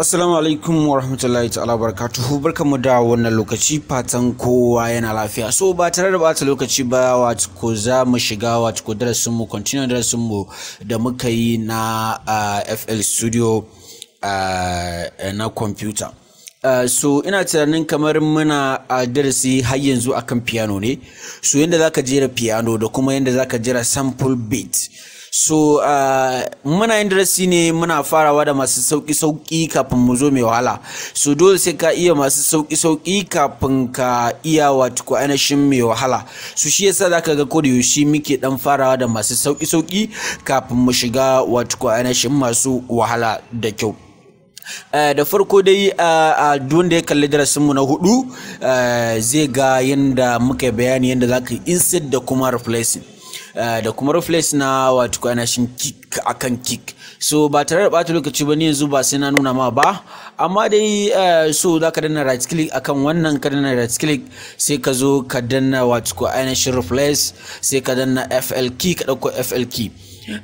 assalamu alaikum wa rahmatullahi ta'ala barakatuhu barkamu da wannan lokaci fatan kowa yana lafiya so ba tare da bata lokaci ba wato za mu shiga wato ko darasin mu continue darasin mu da muka yi na ah, FL Studio ah, na computer ah, so ina tunanin kamar muna a darasi har yanzu akan piano ne so yadda zaka jera piano da kuma yadda zaka jera sample beat so uh, muna yin darasi ne muna farawa da masu sauki sauki kafin mu zo mai wahala so dole sai ka iya masu sauki sauki kafin ka iya wato ko ainihin mai wahala so shi yasa zaka ga ko da yaushe muke dan farawa da masu sauki sauki kafin mu shiga wato ko ainihin masu wahala da kyau eh, da farko dai eh, a da ya kalli darasinmu na hudu eh, zai ga yadda muka bayani yadda za ka insert da kuma replacing Eh, da kuma reflex na wato shin kick akan kick so ba tare da bata lokaci ba ni yanzu ba sai na nuna ma ba amma dai eh, so za ka danna right click akan wannan ka danna right click sai ka zo ka danna wato ko ainihin reflex sai ka danna fl key ka dauko fl key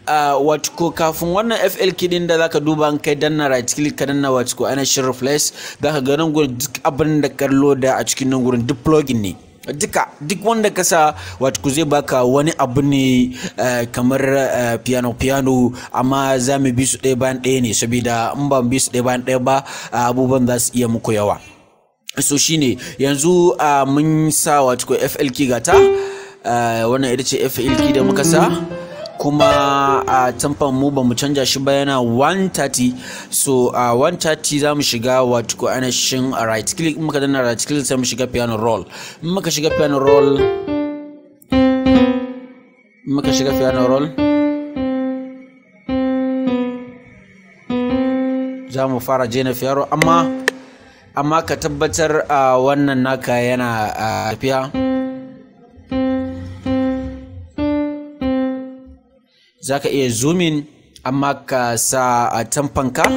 uh, wato ko kafin wannan fl din da zaka duba an kai danna right click ka danna wato ko ainihin reflex zaka ga nan gurin duk abin da kallo da a cikin nan gurin duk plugin ne duka duk wanda ka sa wato ku zai baka wani abu ne eh, kamar eh, piano piano amma za mu bi su ɗaya bayan ɗaya ne saboda in ba mu bi su ɗaya bayan ɗaya ba eh, abubuwan za su iya muku yawa so shine yanzu mun sa wato flk gata wannan ita ce flk da muka sa kuma a tamfan mu ba mu canja shi ba yana 130 so a 130 za mu shiga wato ko ainihin right click muka danna right click sai mu shiga piano roll muka shiga piano roll muka shiga piano roll za mu fara jena fiyaro amma amma ka tabbatar a wannan naka yana tafiya za ka iya zoomin amma ka sa a ah, tamfanka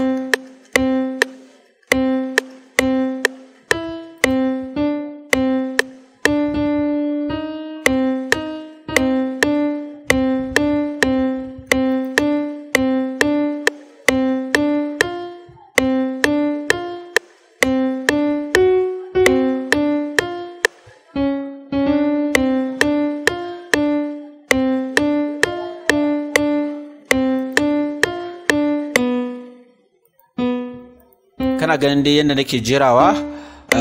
kana ganin dai yadda nake jirawa ah.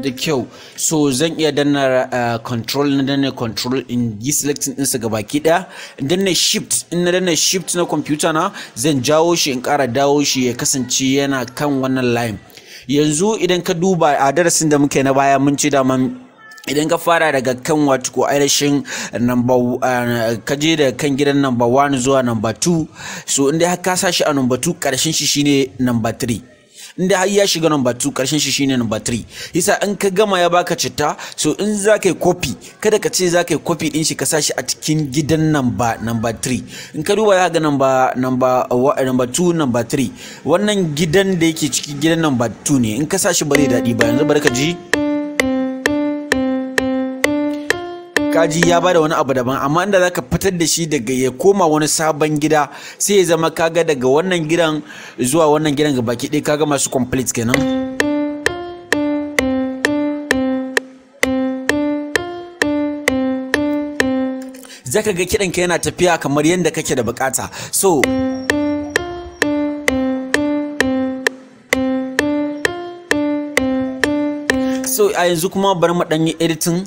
da kyau so zan iya danna ah, control na danna control in yi selecting ɗinsa ga baki ɗaya in danna shift in na danna shift na computer na zan jawo shi in ƙara dawo shi ya kasance yana kan wannan line yanzu idan ka duba a darasin da muke na baya mun ci daman idan ka fara daga kan wato ko ainihin eh, ka je da kan gidan number 1 zuwa number 2 so inda ka sa shi a number 2 karshen shi shine number 3 inda har ya shiga number 2 karshen shi shine number 3 yasa in ka gama ya baka citta so in zaka yi copy kada ka ce zaka yi copy din shi ka sashi a cikin gidan number number 3 in ka duba zaka ga number number number 2 number 3 wannan gidan da yake cikin gidan number 2 ne in ka sashi shi ba zai daɗi ba yanzu bari ka ji kaji ya bada wani abu daban amma inda zaka fitar da shi daga ya koma wani sabon gida sai ya zama kaga daga wannan gidan zuwa wannan gidan ga baki ɗaya kaga masu complete kenan zaka ga kiɗan ka yana tafiya kamar yadda kake da bukata so so a yanzu kuma bari mu ɗanyi editing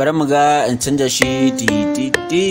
bari mu ga in canja shi ti ti ti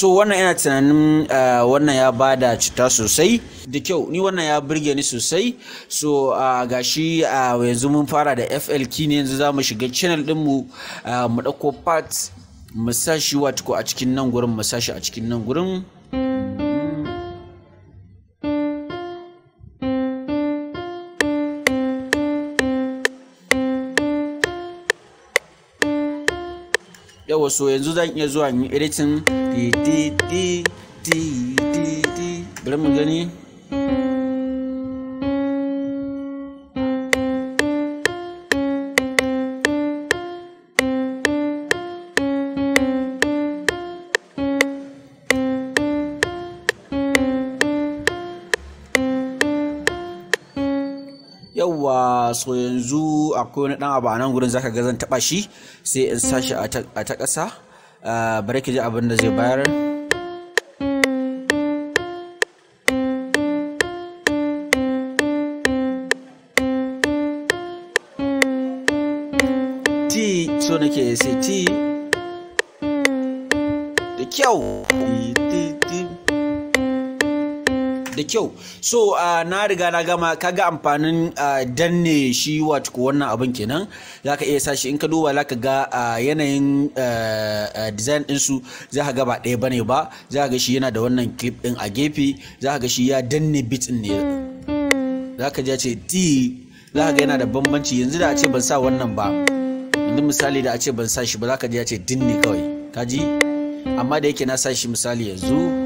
so wannan yana tunanin eh, wannan ya bada cuta sosai da kyau ni wannan ya burge ni sosai so ah, gashi ah, yanzu mun fara da fl ne yanzu za mu shiga channel dinmu mu dauko ah, part mu sashi wato a cikin nan gurin mu sashi a cikin nan gurin so yanzu zan iya zuwa in editing di di di di di bari mu gani so yanzu akwai wani dan abu a nan gurin zaka ga zan taba shi sai in sa shi a ta ƙasa ah, bari ki ji abin da zai bayar T so nake sai T da kyau da kyau so uh, na riga na gama kaga amfanin uh, danne shi wato wannan abin kenan za ka iya sashi in ka duba za ka ga uh, yanayin eh, eh, design din su ka ga ba ɗaya bane ba za ka ga shi yana da wannan clip din a gefe za ka ga shi ya danne bit din ne za ka ji ce ti ka ga yana da bambanci yanzu da a ce ban sa wannan ba yanzu misali da a ce ban sa shi ba ka ji ya ce din ne kawai kaji amma da yake na sa shi misali yanzu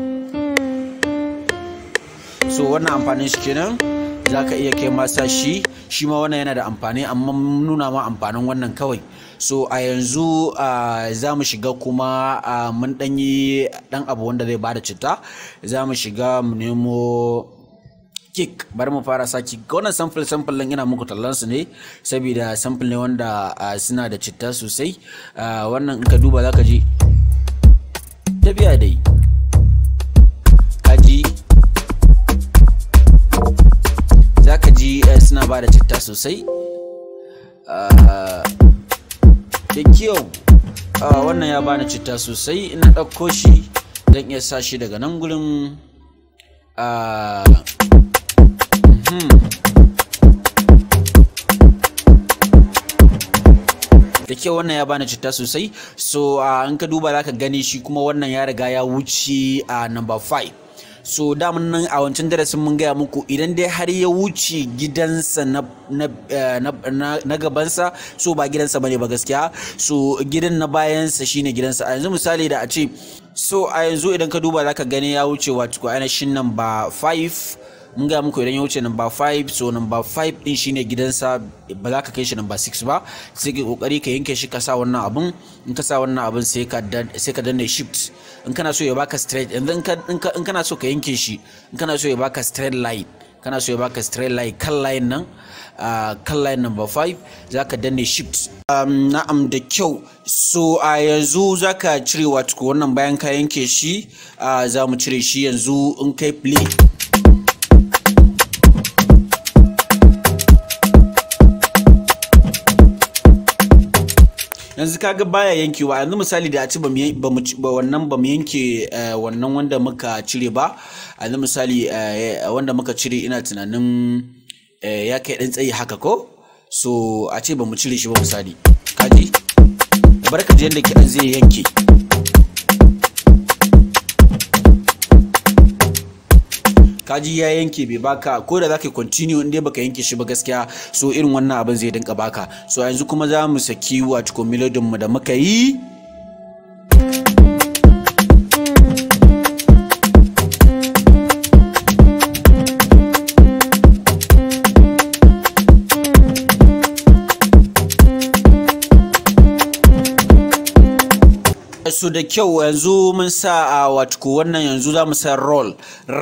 so wannan amfanin shi kenan za ka iya kai masa shi shi ma wannan yana da amfani amma nuna ma amfanin wannan kawai so a yanzu za mu shiga kuma mun ɗanyi ɗan abu wanda zai bada citta za mu shiga mu nemo kick bari mu fara sa kick wannan sample sample din ina muku tallan su ne saboda sample ne wanda suna da citta sosai wannan in ka duba zaka ji tafiya dai yana ba da citta sosai ah, da kyau ah, wannan ya bani citta sosai ina ɗauko shi don iya sa shi daga nan gurin ah, mhm. da kyau wannan ya bani citta sosai so in ka duba za ka gani shi kuma wannan ya riga ya wuce a number 5 so damun nan a wancan darasin mun gaya muku idan dai har ya wuce gidansa eh, na gabansa so ba gidansa bane ba gaskiya so gidan na bayansa shine gidansa a yanzu misali da a ce so a yanzu idan ka duba zaka gani ya wuce wato ainihin nan ba 5 mun ga muku idan ya wuce number 5 so number 5 din shine gidansa ba za ka kai shi number 6 ba sai ka kokari ka yanke shi ka sa wannan abun in ka sa wannan abun sai ka sai ka danna shift in kana so ya baka straight in ka in kana so ka yanke shi in kana so ya baka straight line kana so ya baka straight line kan line nan ah, kan line number 5 za ka danna shift um, na'am da kyau so a yanzu za ka cire wato wannan bayan ka yanke shi ah, za mu cire shi yanzu in kai play yanzu kaga baya yankewa yanzu misali da a ci ba wannan ba mu yanke eh, wannan wanda muka cire ba yanzu misali eh, wanda muka cire ina tunanin eh, ya kai ɗan tsayi haka ko so a ce ba mu cire shi ba misali kaji barka ji yadda kiɗan zai yanke kaji ya yanke bai baka ko da zaka continue in baka yanke shi ba gaskiya so irin wannan abin zai dinka baka so yanzu kuma za mu saki wato melodin mu da muka yi so da kyau yanzu mun sa a watko wannan yanzu za mu sa roll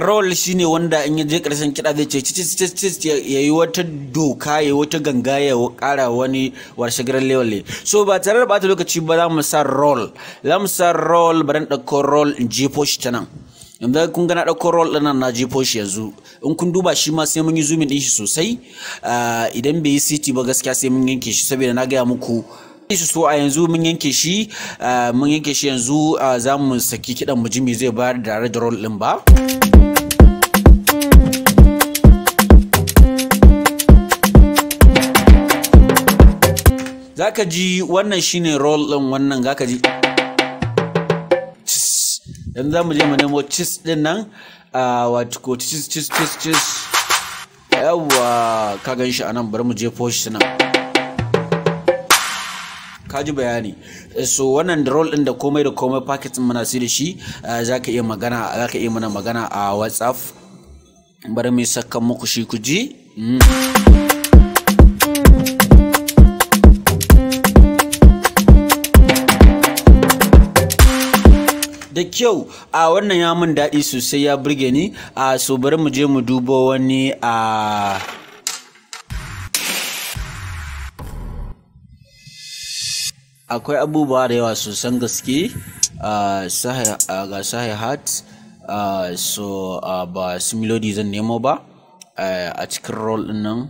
roll shine wanda in ya je karshen kiɗa zai ce ci ya yi wata doka ya yi wata ganga ya ƙara wani warshe garin lewale so ba tare da bata lokaci ba za mu sa roll za mu sa roll bari in ɗauko roll in jefo shi ta nan yanzu kun gana ɗauko roll ɗin nan na jefo shi yanzu in kun duba shi ma sai mun yi zoomin ɗin shi sosai ah, idan bai yi city ba gaskiya sai mun yanke shi saboda na gaya muku so a yanzu mun yanke shi mun yanke shi yanzu za mu saki kidan mu jimi zai bayar da rage rol din ba zaka ji wannan shine rol din wannan zaka ji dan za mu je mu nemo cis din nan wato ko cis cis cis cis yawwa ka gan shi anan bari mu je posh nan ka ji bayani so wannan da role din da komai da komai packet din muna da shi eh, zaka iya magana zaka iya mana magana a WhatsApp bari mu saka muku shi ku ji hmm. da kyau a wannan ya mun daɗi sosai ya burge ni a so bari mu je mu dubo wani a akwai abubuwa da yawa sosan gaske ah, ah, ga sahi hat ah, so ba su zan nemo ba eh, a cikin roll din nan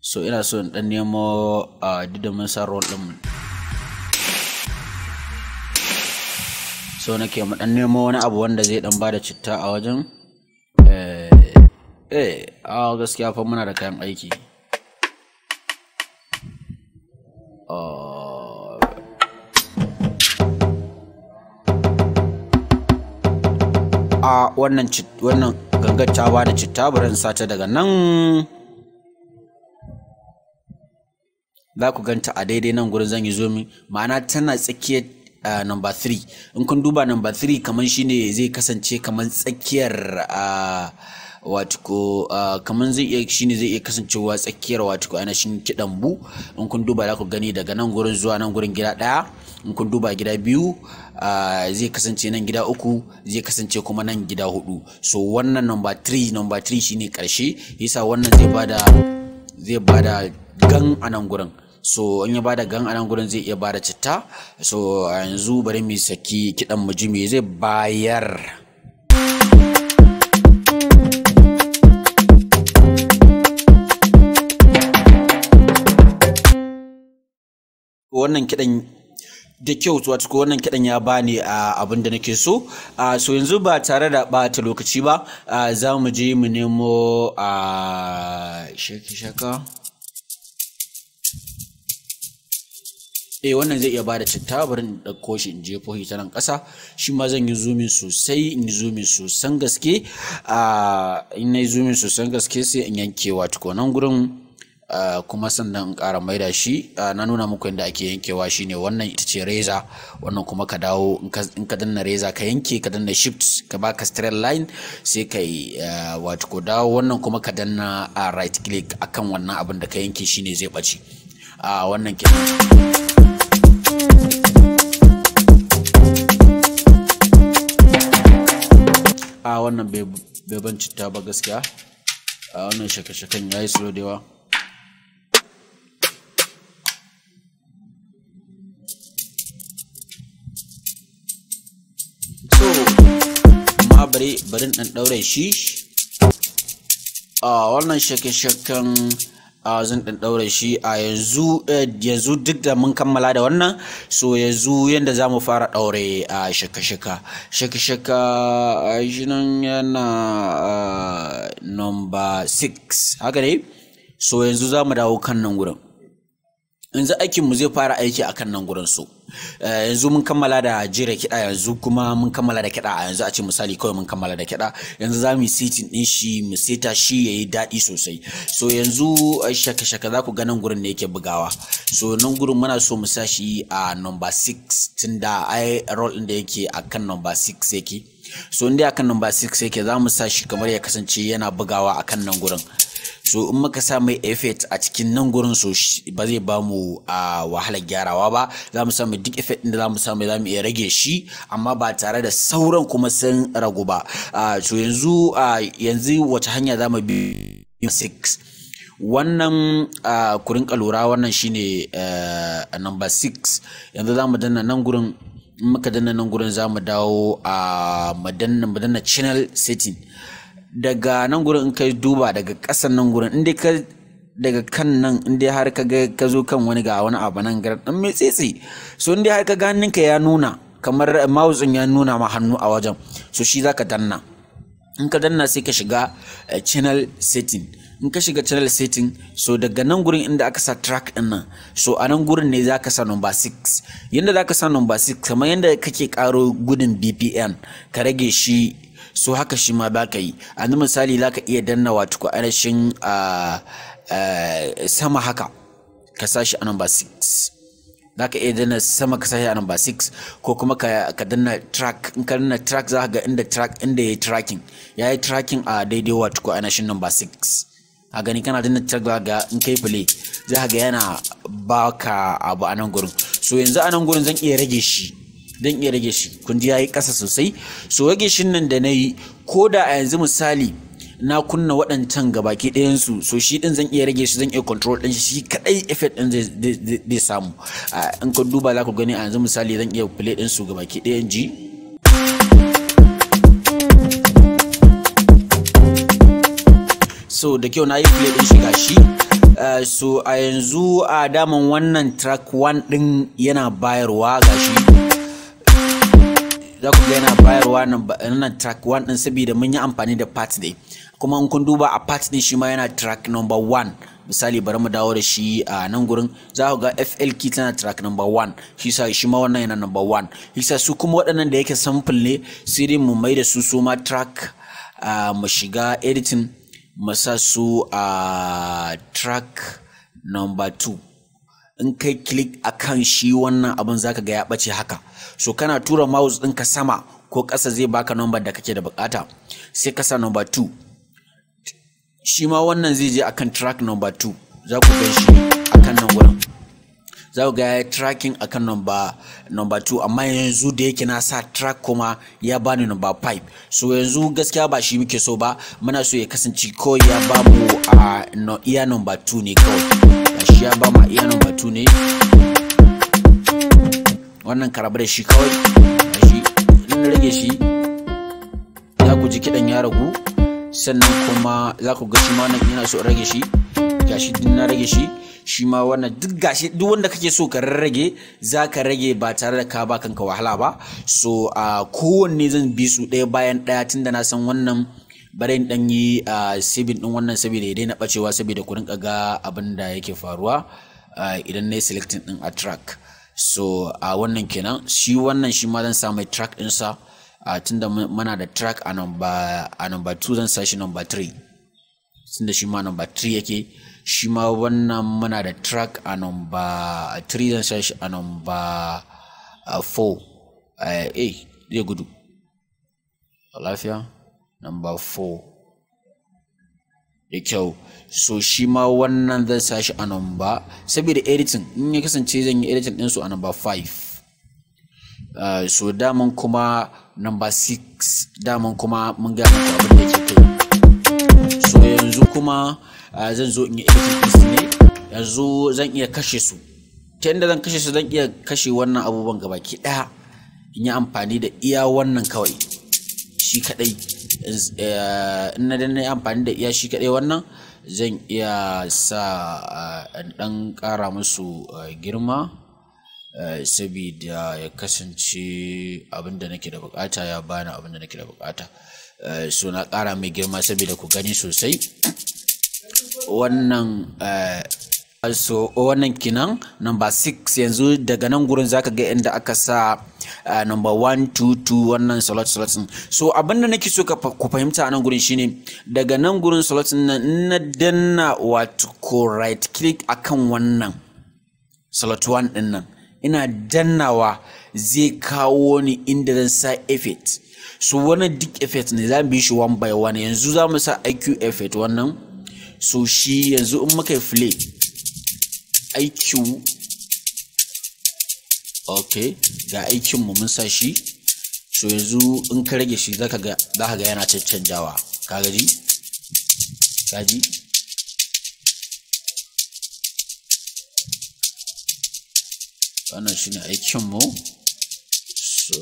so ina so in dan nemo didamin sa roll din so nake mu dan nemo wani abu wanda zai dan bada citta a wajen eh, eh a gaskiya fa muna da kayan aiki wannan wannan gangar ta ba da citta barin sata daga nan za ku ganta a daidai nan gurin zan yi zo zomi ma'ana tana tsakiyar uh, number 3 in kun duba number 3 kamar shine zai kasance kamar tsakiyar uh, ah, watiko ah, kamar zai iya shine zai iya kasancewa tsakiyar watiko shin kidan bu in kun duba za ku gani daga nan gurin zuwa nan gurin gida daya in kun duba gida biyu zai kasance nan gida uku zai kasance kuma nan gida hudu so wannan number 3 number 3 shine karshe yasa wannan zai bada zai bada gan a nan gurin so in ya bada gan a nan gurin zai iya bada citta so yanzu bari mu saki kidan mu ji me zai bayar wannan kiɗan da kyau wato wannan kiɗan ya bani a abin da nake so so yanzu ba tare da bata lokaci ba za mu je mu nemo a shaka eh wannan zai iya bada citta bari da ɗauko shi in je shi ta nan ƙasa shi ma zan yi zumi sosai in yi zoomin sosan gaske a in yi sosan gaske sai in yanke yankewa tukunan gurin Ah, kuma sannan in ƙara maida shi ah, na nuna muku yadda ake yankewa shine wannan ita ce reza wannan kuma ka dawo in ka danna reza ka yanke ka danna shift ka ba ka straight line sai ka yi ah, wato ko dawo wannan kuma ka danna a right click akan wannan abin da ka yanke shine zai ɓace a wannan ke. a wannan bai ban citta ba gaskiya a wannan shaka-shakan ya yi slow da yawa bari bari dan daure shi a wannan shake-shaken zan dan daure shi a yanzu eh, yanzu duk da mun kammala da wannan so yanzu yanda zamu fara daure a shaka-shaka shaka-shaka shi nan yana number 6 haka ne so yanzu zamu dawo kan nan gurin yanzu aikin mu zai fara aiki akan nan gurin su eh, yanzu mun kammala da jira kiɗa yanzu kuma mun kammala da kiɗa yanzu a ce misali kawai mun kammala da kiɗa yanzu za mu yi sitin ɗin shi mu seta shi ya yi daɗi sosai so yanzu eh, shaka shaka za ku ga nan gurin ne yake bugawa so nan gurin muna so mu sa shi a number 6 tunda ai roll ɗin da yake akan number 6 yake so inda akan number 6 yake za mu sa shi kamar ya kasance yana bugawa akan nan gurin so in muka sa mai effect a cikin nan gurin so ba zai ba mu a wahalar gyarawa ba za mu samu duk effect da za mu samu za mu iya rage shi amma ba tare da sauran kuma sun ragu ba so yanzu yanzu wata hanya za mu bi 6 wannan kurin kalura wannan shine number 6 yanzu za mu danna nan gurin muka danna nan gurin za mu dawo a madanna channel setting daga nan gurin in ka duba daga ƙasan nan gurin inda ka daga kan nan inda har ka ga ka zo kan wani ga wani abu nan gar dan mai tsitsi so inda har ka ga hannunka ya nuna kamar mouse ya nuna ma hannu a wajen so shi zaka danna in ka danna sai ka shiga eh, channel setting in ka shiga channel setting so daga nan gurin inda aka sa track din nan so a nan gurin ne zaka sa number 6 yanda zaka sa number 6 kamar yanda kake karo gudun BPM ka rage shi so haka shi ma za ka yi a ni misali za ka iya danna wato ko arashin sama haka ka sa shi a number 6 za ka iya danna sama ka sa shi a number 6 ko kuma ka danna track in ka danna track za ka ga inda track inda ya yi tracking ya yi tracking a daidai wato ko ainihin number 6 a gani kana danna track za ga in kai play za ka ga yana baka abu a nan gurin so yanzu a nan gurin zan iya rage shi don iya rage shi kun ji yi ƙasa sosai so rage shi nan da na yi ko da a yanzu misali na kunna waɗancan gabaki ɗayan su so shi ɗin zan iya rage shi zan iya control ɗin shi kaɗai effect ɗin zai samu in ka duba za ku gani a yanzu misali zan iya play ɗin su gabaki ɗayan ji so da kyau na yi play ɗin shi gashi so a yanzu a daman wannan track 1 ɗin yana bayarwa gashi za ku ga yana bayarwa nan eh, track 1 din saboda mun yi amfani da part day kuma in kun duba a part din shi ma yana track number 1 misali bari mu dawo da shi a nan gurin za ku ga FL key tana track number 1 shi sa shi ma wannan yana number 1 shi sa su kuma waɗannan da yake sample ne sai dai mu mai da su su ma track mu shiga editing mu sa su a track number 2 in kai a kan shi wannan abin za ga ya bace haka so kana tura mouse ka sama ko ƙasa zai baka number da kake da bukata sai ka sa number 2 shi ma wannan zai je a kan track number 2 za ku gan shi kan nan wurin za ku ga ya tracking a number nomba 2 amma yanzu da yake na sa track kuma ya bani number 5 so yanzu gaskiya ba shi muke so ba muna so ya kasance ko ya mu a ah, iya number 2 ne kawai shi ya ba ma iya nan batu ne wannan karabar da shi kawai shi in rage shi za ku ji kiɗan ya ragu sannan kuma za ku ga shi ma nan yana so rage shi gashi din na rage shi shi ma wannan duk gashi duk wanda kake so ka rage za ka rage ba tare da ka ba kanka wahala ba so a kowanne zan bi su ɗaya bayan ɗaya tunda na san wannan bari in dan yi sibin din wannan saboda ya daina bacewa saboda ku rinka ga abin da yake faruwa idan na yi selecting din a track so a wannan kenan shi wannan shi ma zan sa mai track ɗinsa a tunda muna da track a number a number 2 zan sa shi number 3 tunda shi ma number 3 yake shi ma wannan muna da track a number 3 zan sa shi a number 4 eh zai gudu lafiya number four da kyau so shi ma wannan zan sa shi a number saboda editing in ya kasance zan yi editing ɗinsu a number five uh, so daman kuma number six daman kuma mun gaya maka abin da ke kai so yanzu kuma uh, zan zo in yi editing ɗinsu ne yanzu zan iya kashe su ta yadda zan kashe su zan iya kashe wannan abubuwan gabaki ɗaya in yi amfani da iya wannan kawai shi kaɗai Eh, in na yi amfani da iya shi kaɗai wannan zan iya sa eh, in ɗan ƙara musu eh, girma sabida ya kasance abin da nake da bukata ya bani abin da nake da bukata so na ƙara mai girma sabida ku gani sosai wannan so wannan kinan number 6 yanzu daga nan gurin zaka ga inda aka sa uh, number 122 wannan slot slot so abin da nake so ku fahimta a nan gurin shine daga nan gurin slot din nan na danna wato ko right click akan wannan slot 1 din nan ina dannawa zai kawo ni inda zan sa effect so wannan duk effect ne za bi shi one by one yanzu za mu sa IQ effect wannan so shi yanzu in muka yi play iq ok ga aikinmu mun sa shi so yanzu in ka rage shi za ka ga yana canjawa. ka gaji gaji wannan shine aikinmu so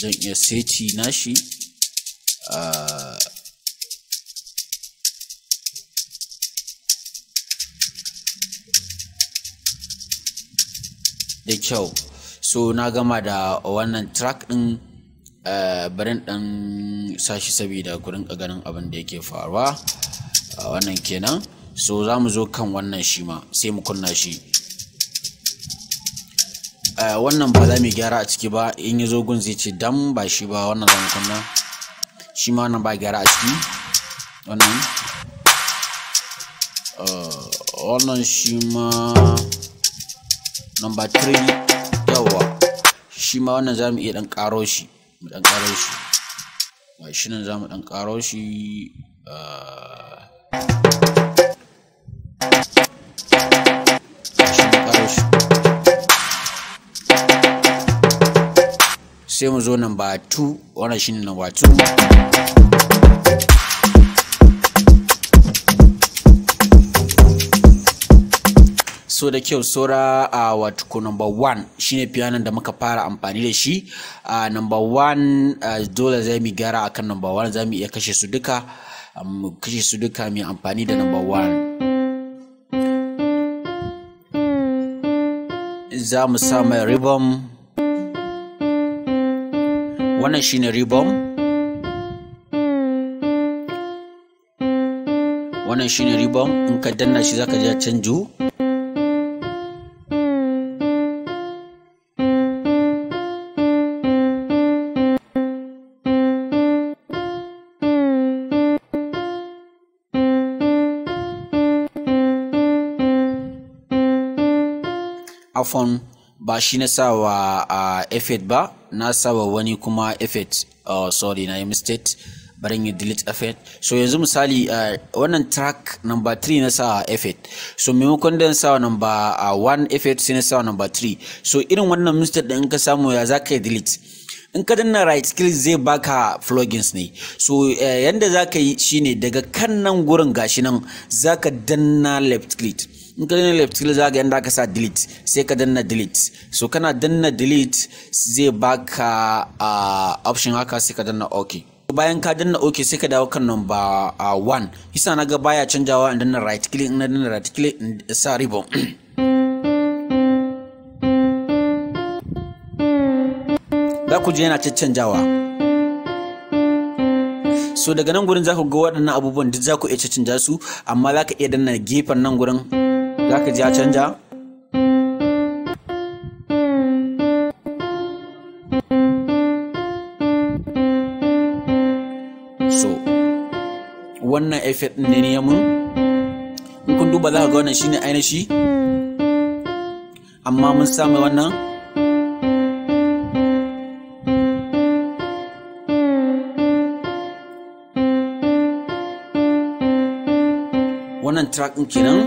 zan iya seti shi. uh, da kyau so na gama da wannan track din eh, barin dan sashi saboda gurin ganin abin da yake faruwa ah, wannan kenan so za mu zo kan wannan shi ma sai mu kunna shi eh, wannan ba za mu gyara a ciki ba in ya zo gun zai ce dam ba shi ba wannan zan kunna shi ma wannan ba gyara a ciki wannan eh, wannan shi ma number three yawa shi ma wannan za mu iya dan karo shi mu dan karo shi ga shi nan za mu ɗan ƙaro shi ah. sai mu zo number 2 wannan shine number two so da kyau saura a wato number one shine piano da muka fara amfani da shi a number one dole za mu gyara akan number one za mu iya kashe su duka mu kashe su duka mai amfani da number one za mu sa mai ribom wannan shine ribom wannan shine ribom in ka danna shi zaka ji canju afon ba shi na sa wa uh, effet ba na sa wa wani kuma effet uh, oh, sorry na yi mistake barin yi delete effet so yanzu misali uh, wannan track number 3 na sa effet so maimakon da sa wa number 1 effet sai na sa wa number 3 so irin wannan mistake din ka samu ya za ka yi delete in ka danna right skill zai baka plugins ne so uh, yanda za ka yi shine daga kan nan gurin gashi nan za ka danna left click in ka danna left click za ka yanda aka sa delete sai ka danna delete so kana danna delete zai baka uh, option haka sai ka danna ok bayan ka danna ok sai ka dawo kan number 1 ah, isa na ga baya canjawa in danna right click in danna right click in sa ribbon za ku je yana caccanjawa so daga nan gurin za ku ga waɗannan abubuwan duk za ku iya caccanja su amma za ka iya danna gefen nan gurin za ka ji ya canja so wannan effect ne ne mun in kun duba za ka ga wannan shine ainihi amma mun samu wannan wannan track kenan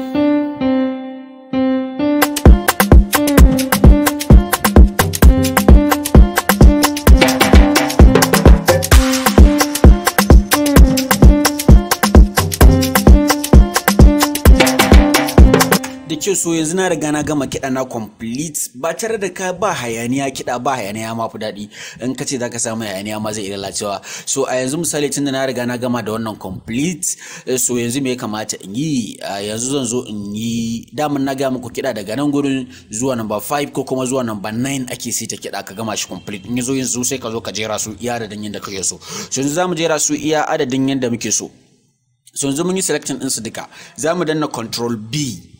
yanzu na riga na gama kiɗa na complete ba tare da ka ba hayaniya kiɗa ba hayaniya ma fi daɗi in ka ce za ka samu hayaniya ma zai iya lalacewa so a yanzu misali tun da na riga na gama da wannan complete eh, so yanzu me ya kamata in yi a yanzu zan zo in yi daman na gaya muku kiɗa daga nan gurin zuwa number 5 ko kuma zuwa number 9 ake sai ta kiɗa ka gama shi complete in yanzu yanzu sai ka zo ka jera su iya adadin yadda kake so so yanzu za mu jera su iya adadin yadda muke so so yanzu mun yi selecting ɗinsu duka za mu danna control b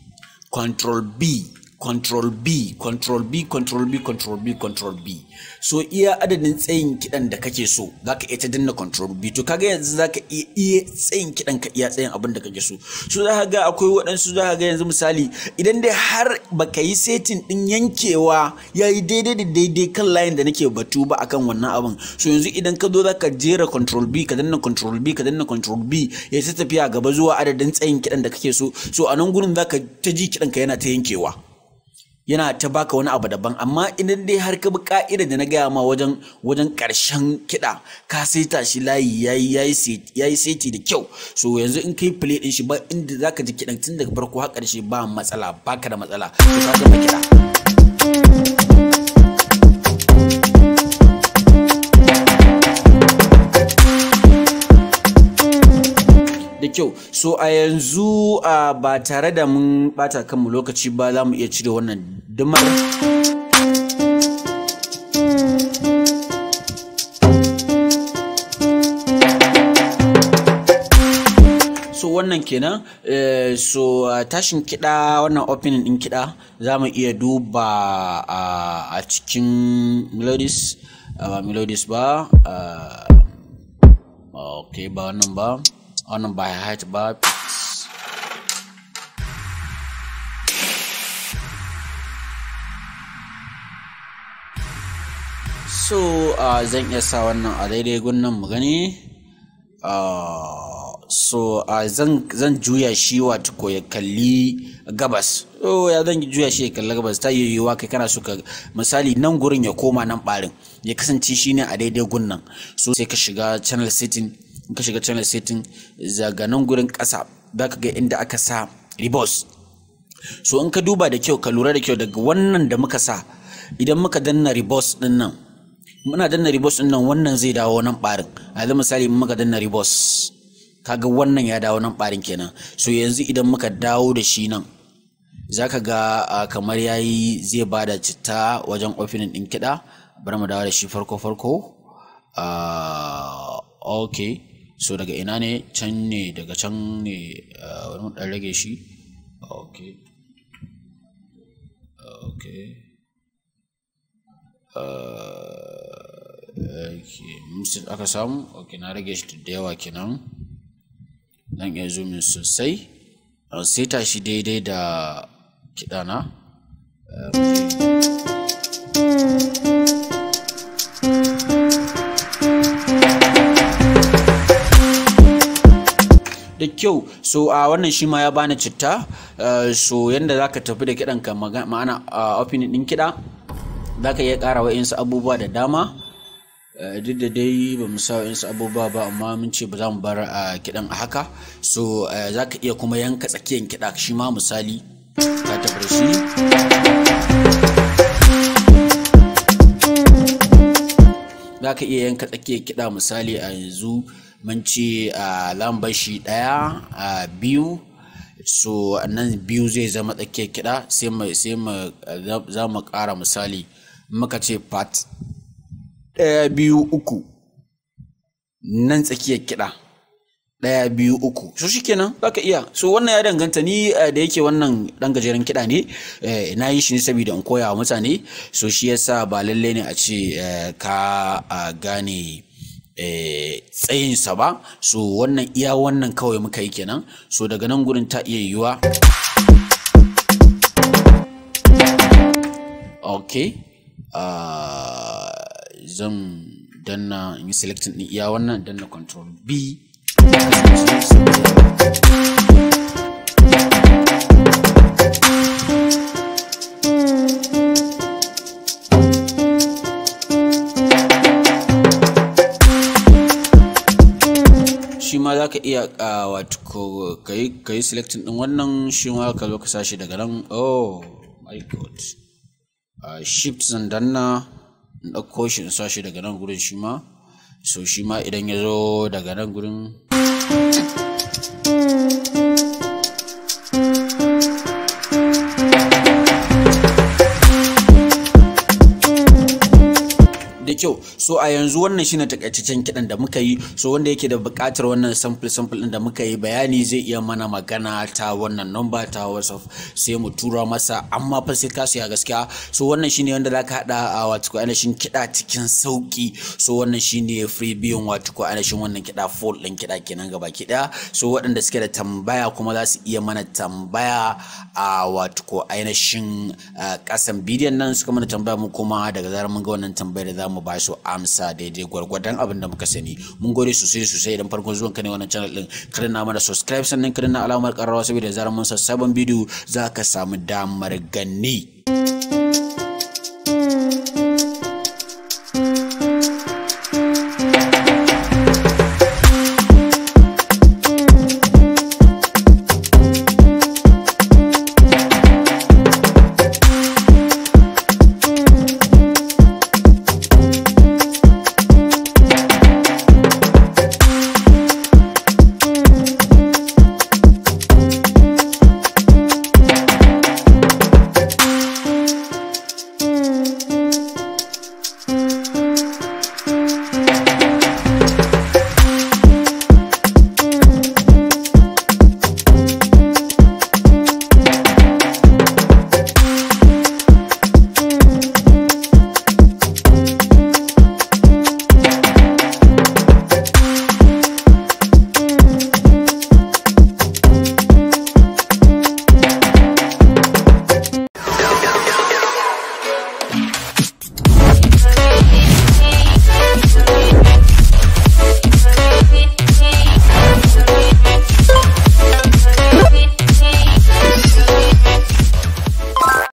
Control B control b control b control b control b control b so iya adadin tsayin kidan da kake so zaka iya ta danna control b to kaga yanzu zaka iya tsayin kidan ka iya tsayin abin da kake so so zaka ga akwai waɗansu zaka ga yanzu misali idan dai har baka yi setting din yankewa yayi daidai da daidai kan line da nake batu ba akan wannan abin so yanzu idan ka zo zaka jera control b ka danna control b ka danna control b ya ta tafiya gaba zuwa adadin tsayin kidan da kake so so a nan gurin zaka ta ji kidan ka yana ta yankewa yana ta baka wani abu daban amma idan dai har ka bi ka'idar da na gaya ma wajen wajen karshen kiɗa ka saita shi layi yayi yayi saiti da kyau so yanzu in kai play din shi ba inda zaka ji kiɗan tun daga farko har ƙarshe ba matsala baka da matsala to ka ga kiɗa kyau so a yanzu ba tare da mun bata kanmu lokaci ba za mu iya cire wannan duma so wannan kenan eh, so tashin kiɗa wannan opening ɗin kiɗa za mu iya duba a cikin melodies ba melodies ba ok ba wannan ba wannan ba height ba so uh, zan iya sa wannan a daidai gunnan mu gani uh, so uh, zan, zan juya shi wato ko ya kalli gabas so ya zan juya shi ya kalli gabas ta yi yiwuwa kai kana so ka misali nan gurin ya koma nan barin ya kasance shi ne a daidai gunnan so sai ka shiga channel setting in ka shiga channel setting zaga nan gurin ƙasa za ka ga inda aka sa ribos so in ka duba da kyau ka lura da kyau daga wannan da muka sa idan muka danna ribos din nan muna danna ribos din nan wannan zai dawo nan barin a yanzu misali in muka danna ribos ga wannan ya dawo nan barin kenan so yanzu idan muka dawo da shi nan za ka ga kamar yayi zai bada citta wajen opening din kiɗa bari mu dawo da shi farko farko uh, okay so daga ina ne can ne daga can ne uh, wani ɗan rage shi ok ok uh, aka samu ok na rage shi da yawa kenan zan iya zumin sosai an seta shi daidai da kiɗana uh, kyau so a wannan shi ma ya bani citta eh, so yanda zaka tafi da kidan ka ma'ana opinion ɗin kiɗa zaka iya ƙara wa'insu abubuwa da dama eh, duk da dai ba mu sa wa'insu abubuwa ba amma mun ce ba za mu bar kiɗan a haka so eh, zaka iya kuma yanka tsakiyan kiɗa shi ma misali ka tafi da shi za ka iya yanka tsakiyar kiɗa misali a yanzu mun ce lambar shi ɗaya biyu so nan biyu zai zama tsakiyar kiɗa sai mu sai za mu ƙara misali muka ce part ɗaya biyu uku nan tsakiyar kiɗa ɗaya biyu uku so shikenan zaka iya so wannan ya danganta ni da yake wannan ɗan gajeren kiɗa ne e, na yi shi ne saboda in koya wa mutane so shi yasa ba lalle ne a ce e, ka gane Eh, tsayinsa ba so wannan iya wannan kawai muka yi kenan so daga nan gurin ta iya yiwuwa ok uh, zan danna in yi selecting ɗin iya wannan danna control b ka iya wato ka yi selecting din wannan shi ma ka zo ka sashi daga nan oh my god shift zan danna in ɗauko shi in sashi daga nan gurin shi ma so shi ma idan ya zo daga nan gurin da kyau so a yanzu wannan shine takaitaccen kidan da muka yi so wanda yake da buƙatar wannan sample sample din da muka yi bayani zai iya mana magana ta wannan number ta WhatsApp sai mu tura masa amma fa sai ka siya gaskiya so wannan shine wanda zaka hada a wato ko ainihin kida cikin sauki so wannan shine free biyun wato ko shin wannan kida full din kida kenan gaba ki daya so waɗanda suke da tambaya kuma za su iya mana tambaya a wato ko ainihin kasan bidiyon nan suka mana tambaya mu kuma daga zarar mun ga wannan tambayar da mu ba su amsa daidai gwargwadon abin da muka sani mun gode sosai sosai idan farkon zuwan ka ne wannan channel din kada na mana subscribe sannan kada na alamar karrawa saboda zaran mun sabon bidiyo za ka samu damar gani.